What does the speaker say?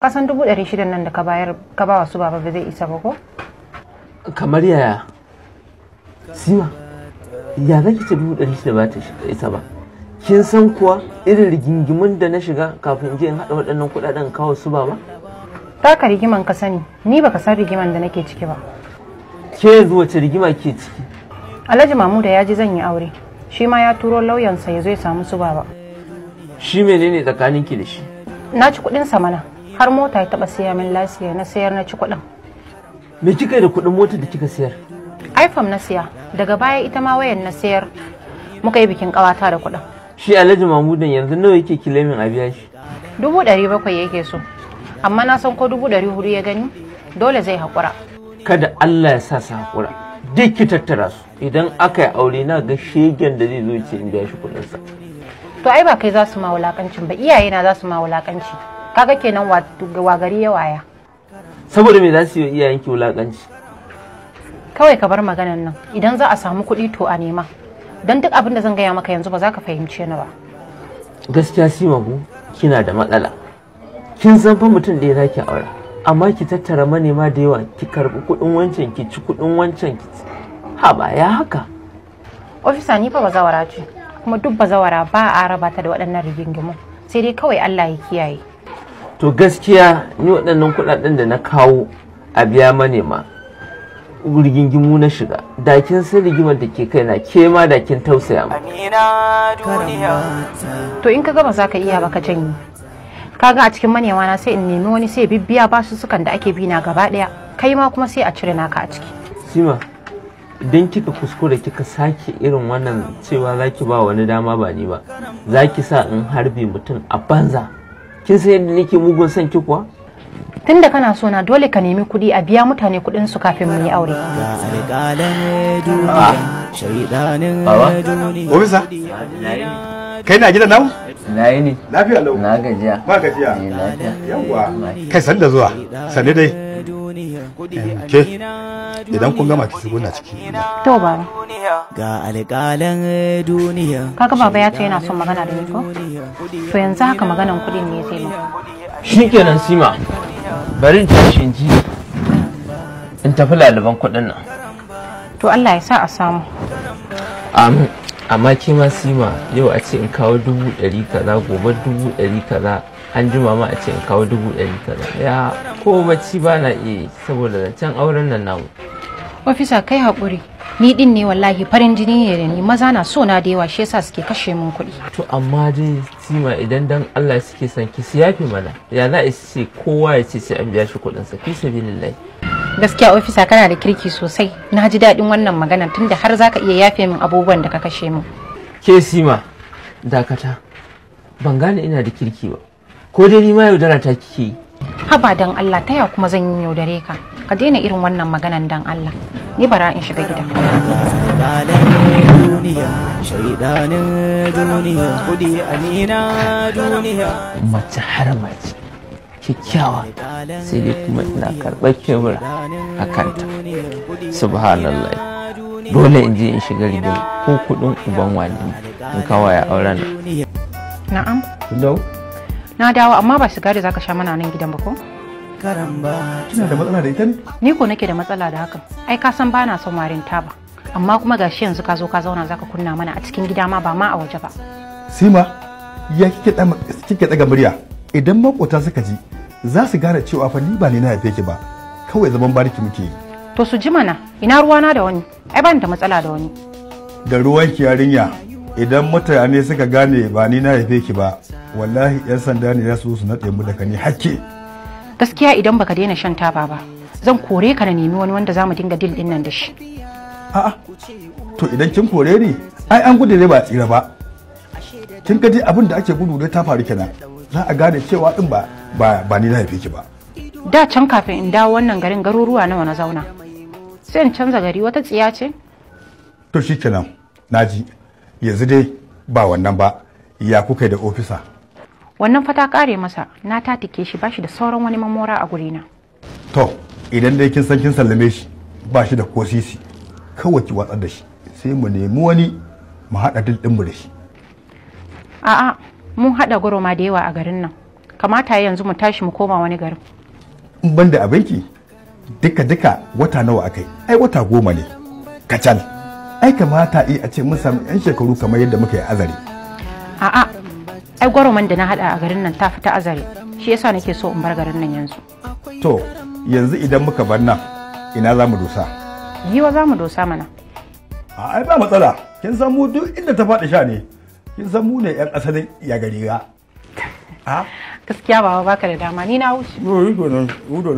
kasan dubu ɗari shida nan da ka bayar ka ba su baba ba zai isa ba ko kamar yaya siwa ya zaki ce dubu ɗari shida ba ta isa ba kin san kuwa irin rigingimin da na shiga kafin je in haɗa waɗannan kuɗaɗen kawo su baba Ta ka rigiman ka sani ni ba ka san rigiman da nake ciki ba ke yanzu ce rigima ke ciki alhaji mamu da ya ji zan yi aure shi ma ya turo lauyansa ya zo ya samu su baba shi menene tsakaninki da shi na ci kuɗinsa mana har mota ya taba siya min lasiya na sayar na ci kuɗin me kika yi da kuɗin motar da kika sayar iphone na siya daga baya ita ma wayan na sayar muka yi bikin ƙawata da kuɗin shi alhaji mamudan yanzu nawa yake kilamin a biya shi dubu ɗari bakwai yake so amma na san ko dubu ɗari huɗu ya gani dole zai haƙura kada allah ya sa su haƙura duk ki tattara su idan aka yi aure na ga shegen da zai zo ce in biya shi kuɗinsa to ai ba kai za su ma wulaƙancin ba iyaye na za su ma wulaƙanci kaga kenan wa gari ya waya saboda me za su yi iyayenki wulakanci kawai ka bar maganan nan idan za a samu kuɗi to a nema don duk abin da zan gaya maka yanzu ba za ka fahimce ni ba gaskiya simagu kina da matsala kin san fa mutum ɗaya zaki aure amma ki tattara manema da yawa ki karbi kuɗin wancan ki ci kuɗin wancan ki ba ya haka ofisa ni fa bazawara ce kuma duk bazawara ba a raba ta da waɗannan rigingimu sai dai kawai Allah ya kiyaye to gaskiya ni waɗannan kuɗaɗen da na kawo a biya manema rigingimu na shiga dakin sai rigimar da ke kaina ke ma dakin tausaya ma to in ka gama za ka iya baka canyi kaga a cikin manema na sai in nemi wani sai bibbiya basu sukan da ake bina gaba daya kai ma kuma sai a cire naka a ciki sima idan kika kuskure kika sake irin wannan cewa zaki ba wani dama ba ni ba zaki sa in harbe mutum a banza kin san yadda nake mugun son ki kuwa tunda kana so na dole ka nemi kuɗi a biya mutane kuɗin su kafin mu yi aure ah. Obisa kai na gida nan na yi ne lafiya lau na gajiya ba gajiya eh, yawa kai san da zuwa sanni dai ke idan kun gama ki shigo na ciki to ba ga alƙalan eh, duniya kaga baba ya ce yana son magana da ni ko to yanzu haka maganan kudin ne zai mu shikenan sima bari in tashi in ji in tafi laliban kudin nan to Allah ya sa a samu amin amma ke ma sima yau a ce in kawo dubu ɗari kaza gobe dubu ɗari kaza an jima ma a ce in kawo dubu ɗari kaza ya ko bacci ba na iya saboda zancen auren nan namu ofisa kai haƙuri ni din ne wallahi farin jini ne da ni maza na so na da yawa shi yasa suke kashe min kuɗi to amma dai sima idan dan Allah suke son ki su mana ya za a ce kowa ya ce sai an biya shi kuɗin sa fi sabilillahi gaskiya ofisa kana da kirki sosai na ji daɗin wannan magana tunda har zaka iya yafe min abubuwan da ka kashe min ke sima dakata ban gane ina da kirki ba ko dai ni ma yaudara ta kike yi haba dan Allah taya kuma zan yi yaudare ka ka daina irin wannan maganan dan Allah ni bara in shiga gida mace har mace kyakkyawa sai dai kuma ina karɓar kemura a kanta subhanallah dole in je in shiga rigima ko kuɗin uban wani in kawai a auren na'am na dawo amma ba sigari za zaka sha mana nan gidan ba ko karamba kina da matsala da ita ni ko nake da matsala da hakan ai ka san bana son warin taba amma kuma ga shi yanzu ka zo ka zauna zaka kunna mana a cikin gida ma ba ma a waje ba sima ya kike daga murya idan makota suka ji za su gane cewa fa ni ba ne na haife ki ba kawai zaman bariki muke yi to su ji mana ina ruwana da wani ai ban da matsala da wani da ruwan ki yarinya idan mutane suka gane ba ni na haife ki ba wallahi 'yan sanda ne ya su su nade mu daga ni hakke gaskiya idan baka daina shan taba ba zan kore ka na nemi wani wanda zamu dinga dil din nan da shi a'a to idan kin kore ni ai an gudu ne ba tsira ba kin ga abin da ake gudu dai ta faru kenan za a gane cewa din ba ba ni na ki ba da can kafin in dawo wannan garin garuruwa nawa na zauna sai in canza gari wata tsiya ce to shikenan naji yanzu dai ba wannan ba ya kuka da ofisa wannan fata kare masa na tike shi bashi da sauran wani mamora a gurina to idan dai kin san kin sallame shi bashi da ko kawai ki watsar da shi sai mu nemi wani mu haɗa dildin mu da shi a'a mun haɗa ma da yawa a garin nan kamata yanzu mu tashi mu koma wani garin in ban da abinki duka duka wata nawa akai ai wata goma ne kacal ai kamata a ce mun samu yan shekaru kamar yadda muka yi azari a'a ai da na hada a garin nan ta fita azare shi yasa nake so in bar garin nan yanzu to yanzu idan muka bar nan ina za mu dosa yiwa za mu dosa mana a ai ba matsala kin san mu duk inda ta faɗi sha ne kin san mu ne yan asalin ya gari ga gaskiya baba baka da dama ni na wuce